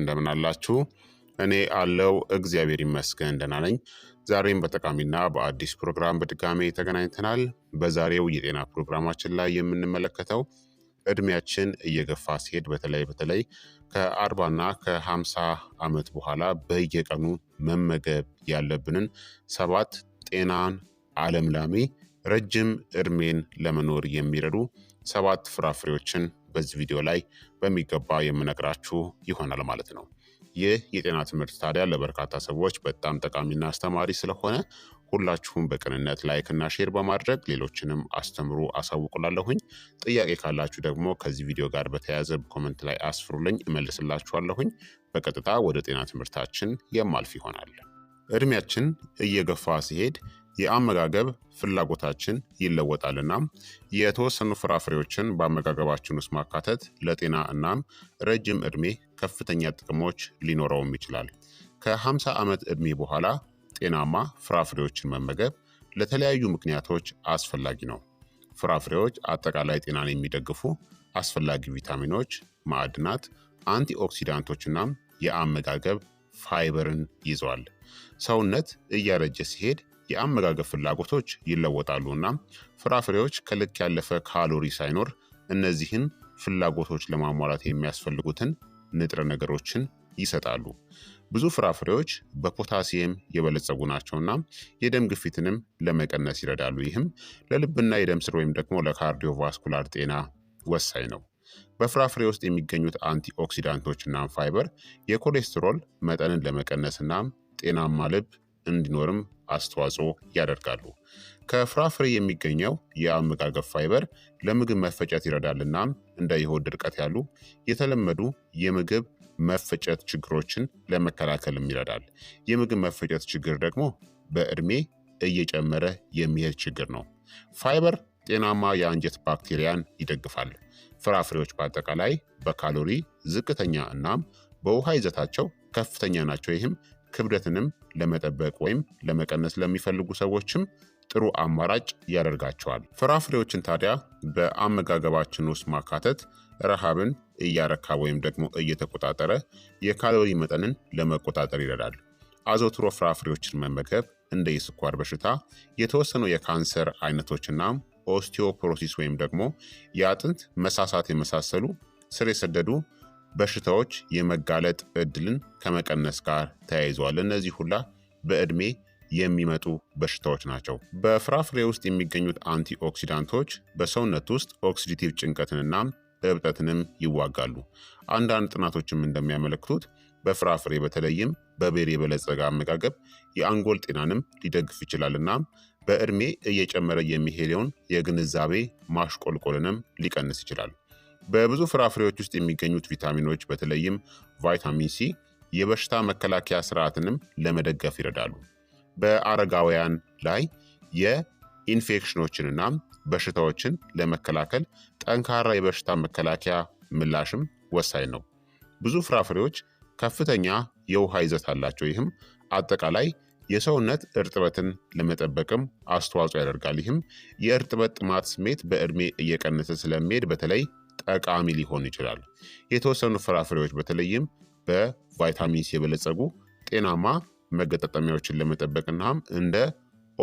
እንደምን አላችሁ? እኔ አለው እግዚአብሔር ይመስገን ደህና ነኝ። ዛሬም በጠቃሚና በአዲስ ፕሮግራም በድጋሜ ተገናኝተናል። በዛሬው የጤና ፕሮግራማችን ላይ የምንመለከተው እድሜያችን እየገፋ ሲሄድ በተለይ በተለይ ከአርባና ከሀምሳ ዓመት በኋላ በየቀኑ መመገብ ያለብንን ሰባት ጤናን አለምላሚ ረጅም እድሜን ለመኖር የሚረዱ ሰባት ፍራፍሬዎችን በዚህ ቪዲዮ ላይ በሚገባ የምነግራችሁ ይሆናል ማለት ነው። ይህ የጤና ትምህርት ታዲያ ለበርካታ ሰዎች በጣም ጠቃሚና አስተማሪ ስለሆነ ሁላችሁም በቅንነት እና ሼር በማድረግ ሌሎችንም አስተምሩ አሳውቁላለሁኝ። ጥያቄ ካላችሁ ደግሞ ከዚህ ቪዲዮ ጋር በተያያዘ ኮመንት ላይ አስፍሩልኝ፣ እመልስላችኋለሁኝ። በቀጥታ ወደ ጤና ትምህርታችን የማልፍ ይሆናል። እድሜያችን እየገፋ ሲሄድ የአመጋገብ ፍላጎታችን ይለወጣል። እናም የተወሰኑ ፍራፍሬዎችን በአመጋገባችን ውስጥ ማካተት ለጤና እናም ረጅም ዕድሜ ከፍተኛ ጥቅሞች ሊኖረውም ይችላል። ከ50 ዓመት ዕድሜ በኋላ ጤናማ ፍራፍሬዎችን መመገብ ለተለያዩ ምክንያቶች አስፈላጊ ነው። ፍራፍሬዎች አጠቃላይ ጤናን የሚደግፉ አስፈላጊ ቪታሚኖች፣ ማዕድናት፣ አንቲኦክሲዳንቶችናም የአመጋገብ ፋይበርን ይዘዋል። ሰውነት እያረጀ ሲሄድ የአመጋገብ ፍላጎቶች ይለወጣሉ እና ፍራፍሬዎች ከልክ ያለፈ ካሎሪ ሳይኖር እነዚህን ፍላጎቶች ለማሟላት የሚያስፈልጉትን ንጥረ ነገሮችን ይሰጣሉ። ብዙ ፍራፍሬዎች በፖታሲየም የበለጸጉ ናቸውና የደም ግፊትንም ለመቀነስ ይረዳሉ። ይህም ለልብና የደም ስር ወይም ደግሞ ለካርዲዮቫስኩላር ጤና ወሳኝ ነው። በፍራፍሬ ውስጥ የሚገኙት አንቲኦክሲዳንቶች እናም ፋይበር የኮሌስትሮል መጠንን ለመቀነስ እናም ጤናማ ልብ እንዲኖርም አስተዋጽኦ ያደርጋሉ። ከፍራፍሬ የሚገኘው የአመጋገብ ፋይበር ለምግብ መፈጨት ይረዳል፣ እናም እንደ የሆድ ድርቀት ያሉ የተለመዱ የምግብ መፈጨት ችግሮችን ለመከላከልም ይረዳል። የምግብ መፈጨት ችግር ደግሞ በእድሜ እየጨመረ የሚሄድ ችግር ነው። ፋይበር ጤናማ የአንጀት ባክቴሪያን ይደግፋል። ፍራፍሬዎች በአጠቃላይ በካሎሪ ዝቅተኛ እናም በውሃ ይዘታቸው ከፍተኛ ናቸው። ይህም ክብደትንም ለመጠበቅ ወይም ለመቀነስ ለሚፈልጉ ሰዎችም ጥሩ አማራጭ ያደርጋቸዋል። ፍራፍሬዎችን ታዲያ በአመጋገባችን ውስጥ ማካተት ረሃብን እያረካ ወይም ደግሞ እየተቆጣጠረ የካሎሪ መጠንን ለመቆጣጠር ይረዳል። አዘውትሮ ፍራፍሬዎችን መመገብ እንደ የስኳር በሽታ የተወሰኑ የካንሰር አይነቶችና ኦስቲዮፖሮሲስ ወይም ደግሞ የአጥንት መሳሳት የመሳሰሉ ስር የሰደዱ በሽታዎች የመጋለጥ እድልን ከመቀነስ ጋር ተያይዘዋል። እነዚህ ሁላ በእድሜ የሚመጡ በሽታዎች ናቸው። በፍራፍሬ ውስጥ የሚገኙት አንቲ ኦክሲዳንቶች በሰውነት ውስጥ ኦክሲዲቲቭ ጭንቀትንና እብጠትንም ይዋጋሉ። አንዳንድ ጥናቶችም እንደሚያመለክቱት በፍራፍሬ በተለይም በቤር የበለጸገ አመጋገብ የአንጎል ጤናንም ሊደግፍ ይችላል እናም በእድሜ እየጨመረ የሚሄደውን የግንዛቤ ማሽቆልቆልንም ሊቀንስ ይችላል። በብዙ ፍራፍሬዎች ውስጥ የሚገኙት ቪታሚኖች በተለይም ቫይታሚን ሲ የበሽታ መከላከያ ስርዓትንም ለመደገፍ ይረዳሉ። በአረጋውያን ላይ የኢንፌክሽኖችንና በሽታዎችን ለመከላከል ጠንካራ የበሽታ መከላከያ ምላሽም ወሳኝ ነው። ብዙ ፍራፍሬዎች ከፍተኛ የውሃ ይዘት አላቸው። ይህም አጠቃላይ የሰውነት እርጥበትን ለመጠበቅም አስተዋጽኦ ያደርጋል። ይህም የእርጥበት ጥማት ስሜት በእድሜ እየቀነሰ ስለሚሄድ በተለይ ጠቃሚ ሊሆን ይችላል። የተወሰኑ ፍራፍሬዎች በተለይም በቫይታሚንስ የበለጸጉ ጤናማ መገጣጠሚያዎችን ለመጠበቅ እናም እንደ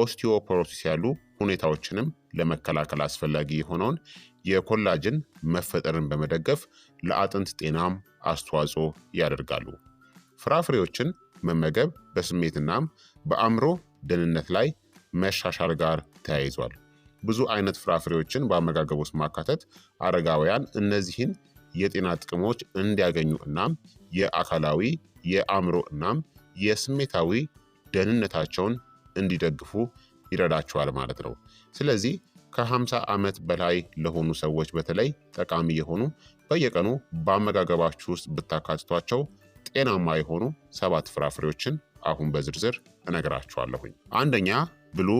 ኦስቲዮፖሮሲስ ያሉ ሁኔታዎችንም ለመከላከል አስፈላጊ የሆነውን የኮላጅን መፈጠርን በመደገፍ ለአጥንት ጤናም አስተዋጽኦ ያደርጋሉ። ፍራፍሬዎችን መመገብ በስሜትናም በአእምሮ ደህንነት ላይ መሻሻል ጋር ተያይዟል። ብዙ አይነት ፍራፍሬዎችን በአመጋገብ ውስጥ ማካተት አረጋውያን እነዚህን የጤና ጥቅሞች እንዲያገኙ እናም የአካላዊ የአእምሮ እናም የስሜታዊ ደህንነታቸውን እንዲደግፉ ይረዳቸዋል ማለት ነው። ስለዚህ ከ50 ዓመት በላይ ለሆኑ ሰዎች በተለይ ጠቃሚ የሆኑ በየቀኑ በአመጋገባችሁ ውስጥ ብታካትቷቸው ጤናማ የሆኑ ሰባት ፍራፍሬዎችን አሁን በዝርዝር እነግራችኋለሁኝ። አንደኛ ብሉ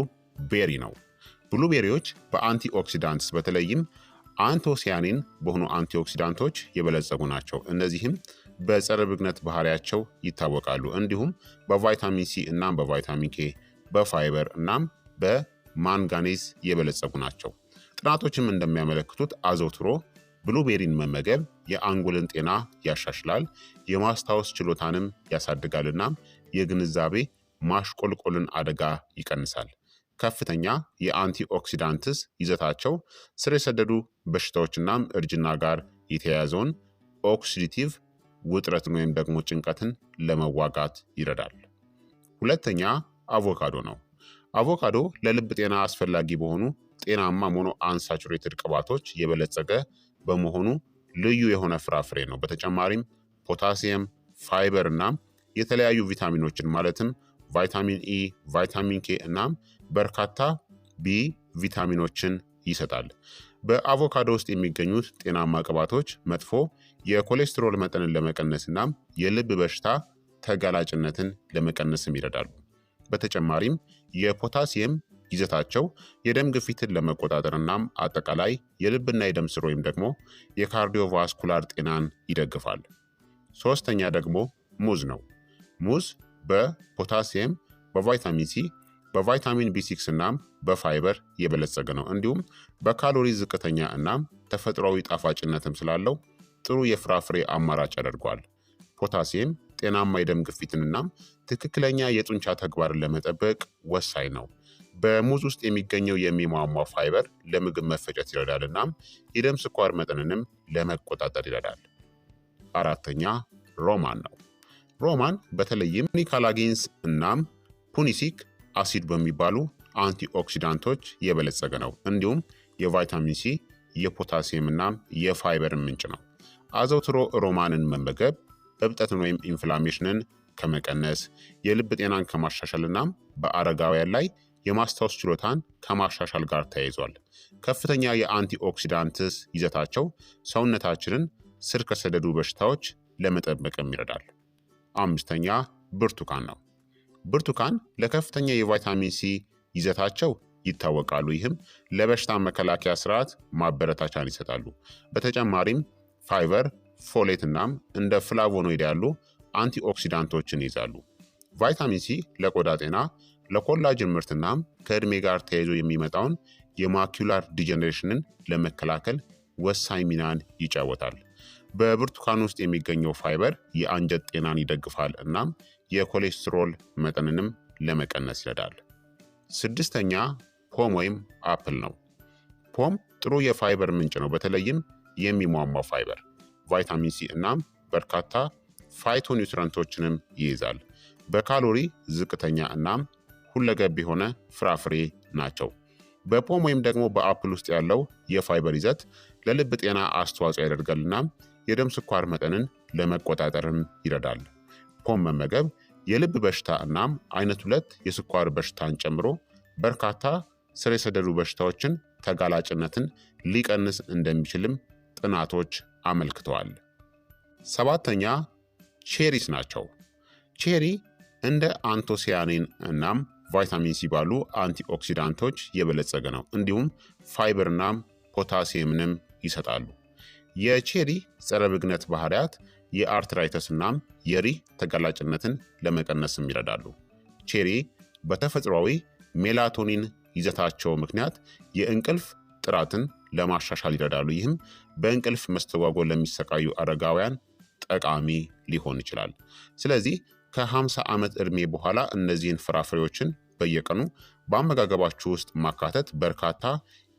ቤሪ ነው። ብሉቤሪዎች በአንቲኦክሲዳንትስ በተለይም አንቶሲያኒን በሆኑ አንቲኦክሲዳንቶች የበለጸጉ ናቸው። እነዚህም በጸረ ብግነት ባህሪያቸው ይታወቃሉ። እንዲሁም በቫይታሚን ሲ እናም በቫይታሚን ኬ፣ በፋይበር እናም በማንጋኔዝ የበለጸጉ ናቸው። ጥናቶችም እንደሚያመለክቱት አዘውትሮ ብሉቤሪን መመገብ የአንጎልን ጤና ያሻሽላል፣ የማስታወስ ችሎታንም ያሳድጋል የግንዛቤ ማሽቆልቆልን አደጋ ይቀንሳል። ከፍተኛ የአንቲ ኦክሲዳንትስ ይዘታቸው ስር የሰደዱ በሽታዎችናም እርጅና ጋር የተያያዘውን ኦክሲዲቲቭ ውጥረትን ወይም ደግሞ ጭንቀትን ለመዋጋት ይረዳል። ሁለተኛ አቮካዶ ነው። አቮካዶ ለልብ ጤና አስፈላጊ በሆኑ ጤናማ ሞኖ አንሳቹሬትድ ቅባቶች የበለጸገ በመሆኑ ልዩ የሆነ ፍራፍሬ ነው። በተጨማሪም ፖታሲየም፣ ፋይበር እናም የተለያዩ ቪታሚኖችን ማለትም ቫይታሚን ኢ፣ e, ቫይታሚን ኬ እናም በርካታ ቢ ቪታሚኖችን ይሰጣል። በአቮካዶ ውስጥ የሚገኙት ጤናማ ቅባቶች መጥፎ የኮሌስትሮል መጠንን ለመቀነስ እናም የልብ በሽታ ተጋላጭነትን ለመቀነስም ይረዳሉ። በተጨማሪም የፖታሲየም ይዘታቸው የደም ግፊትን ለመቆጣጠር እናም አጠቃላይ የልብና የደም ስር ወይም ደግሞ የካርዲዮቫስኩላር ጤናን ይደግፋል። ሶስተኛ ደግሞ ሙዝ ነው። ሙዝ በፖታሲየም፣ በቫይታሚን ሲ፣ በቫይታሚን ቢ6 እናም በፋይበር የበለጸገ ነው። እንዲሁም በካሎሪ ዝቅተኛ እናም ተፈጥሯዊ ጣፋጭነትም ስላለው ጥሩ የፍራፍሬ አማራጭ ያደርገዋል። ፖታሲየም ጤናማ የደም ግፊትንና ትክክለኛ የጡንቻ ተግባርን ለመጠበቅ ወሳኝ ነው። በሙዝ ውስጥ የሚገኘው የሚሟሟ ፋይበር ለምግብ መፈጨት ይረዳል እናም የደም ስኳር መጠንንም ለመቆጣጠር ይረዳል። አራተኛ ሮማን ነው። ሮማን በተለይም ኒካላጊንስ እናም ፑኒሲክ አሲድ በሚባሉ አንቲኦክሲዳንቶች የበለጸገ ነው። እንዲሁም የቫይታሚን ሲ፣ የፖታሲየም እናም የፋይበር ምንጭ ነው። አዘውትሮ ሮማንን መመገብ እብጠትን ወይም ኢንፍላሜሽንን ከመቀነስ የልብ ጤናን ከማሻሻል እናም በአረጋውያን ላይ የማስታወስ ችሎታን ከማሻሻል ጋር ተያይዟል። ከፍተኛ የአንቲኦክሲዳንትስ ይዘታቸው ሰውነታችንን ስር ከሰደዱ በሽታዎች ለመጠበቅም ይረዳል። አምስተኛ ብርቱካን ነው። ብርቱካን ለከፍተኛ የቫይታሚን ሲ ይዘታቸው ይታወቃሉ። ይህም ለበሽታ መከላከያ ስርዓት ማበረታቻን ይሰጣሉ። በተጨማሪም ፋይበር፣ ፎሌት እናም እንደ ፍላቮኖይድ ያሉ አንቲኦክሲዳንቶችን ይይዛሉ። ቫይታሚን ሲ ለቆዳ ጤና፣ ለኮላጅን ምርት እናም ጋር ተያይዞ የሚመጣውን የማኪላር ዲጀኔሬሽንን ለመከላከል ወሳኝ ሚናን ይጫወታል። በብርቱካን ውስጥ የሚገኘው ፋይበር የአንጀት ጤናን ይደግፋል እናም የኮሌስትሮል መጠንንም ለመቀነስ ይረዳል። ስድስተኛ ፖም ወይም አፕል ነው። ፖም ጥሩ የፋይበር ምንጭ ነው፣ በተለይም የሚሟሟ ፋይበር፣ ቫይታሚን ሲ እናም በርካታ ፋይቶ ኒውትረንቶችንም ይይዛል። በካሎሪ ዝቅተኛ እናም ሁለገብ የሆነ ፍራፍሬ ናቸው። በፖም ወይም ደግሞ በአፕል ውስጥ ያለው የፋይበር ይዘት ለልብ ጤና አስተዋጽኦ ያደርጋል እናም የደም ስኳር መጠንን ለመቆጣጠርም ይረዳል። ፖም መመገብ የልብ በሽታ እናም አይነት ሁለት የስኳር በሽታን ጨምሮ በርካታ ስር የሰደዱ በሽታዎችን ተጋላጭነትን ሊቀንስ እንደሚችልም ጥናቶች አመልክተዋል። ሰባተኛ ቼሪስ ናቸው። ቼሪ እንደ አንቶሲያኒን እናም ቫይታሚን ሲ ባሉ አንቲኦክሲዳንቶች የበለጸገ ነው። እንዲሁም ፋይበርናም ፖታሲየምንም ይሰጣሉ። የቼሪ ጸረ ብግነት ባህሪያት የአርትራይተስናም የሪ ተጋላጭነትን ለመቀነስም ይረዳሉ። ቼሪ በተፈጥሯዊ ሜላቶኒን ይዘታቸው ምክንያት የእንቅልፍ ጥራትን ለማሻሻል ይረዳሉ። ይህም በእንቅልፍ መስተጓጎል ለሚሰቃዩ አረጋውያን ጠቃሚ ሊሆን ይችላል። ስለዚህ ከ50 ዓመት ዕድሜ በኋላ እነዚህን ፍራፍሬዎችን በየቀኑ በአመጋገባችሁ ውስጥ ማካተት በርካታ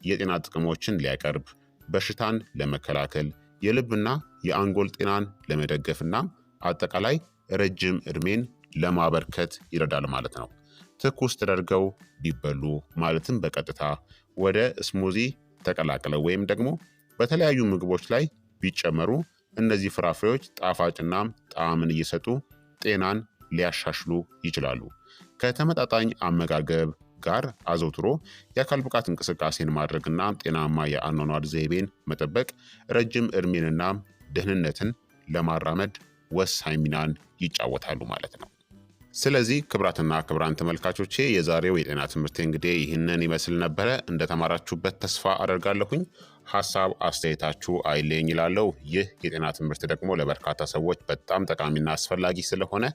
የጤና ጥቅሞችን ሊያቀርብ በሽታን ለመከላከል የልብና የአንጎል ጤናን ለመደገፍና አጠቃላይ ረጅም ዕድሜን ለማበርከት ይረዳል ማለት ነው። ትኩስ ተደርገው ቢበሉ ማለትም በቀጥታ ወደ ስሙዚ ተቀላቅለው ወይም ደግሞ በተለያዩ ምግቦች ላይ ቢጨመሩ እነዚህ ፍራፍሬዎች ጣፋጭናም ጣዕምን እየሰጡ ጤናን ሊያሻሽሉ ይችላሉ። ከተመጣጣኝ አመጋገብ ጋር አዘውትሮ የአካል ብቃት እንቅስቃሴን ማድረግና ጤናማ የአኗኗር ዘይቤን መጠበቅ ረጅም እድሜንና ደህንነትን ለማራመድ ወሳኝ ሚናን ይጫወታሉ ማለት ነው። ስለዚህ ክብራትና ክብራን ተመልካቾቼ የዛሬው የጤና ትምህርት እንግዲህ ይህንን ይመስል ነበረ። እንደተማራችሁበት ተስፋ አደርጋለሁኝ። ሀሳብ አስተያየታችሁ አይለኝ ይላለው። ይህ የጤና ትምህርት ደግሞ ለበርካታ ሰዎች በጣም ጠቃሚና አስፈላጊ ስለሆነ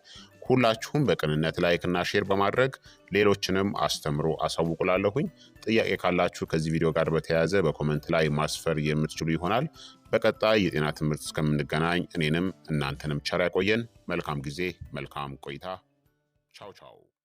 ሁላችሁም በቅንነት ላይክና ሼር በማድረግ ሌሎችንም አስተምሮ አሳውቁላለሁኝ። ጥያቄ ካላችሁ ከዚህ ቪዲዮ ጋር በተያያዘ በኮመንት ላይ ማስፈር የምትችሉ ይሆናል። በቀጣይ የጤና ትምህርት እስከምንገናኝ እኔንም እናንተንም ቸር ያቆየን። መልካም ጊዜ፣ መልካም ቆይታ። ቻው ቻው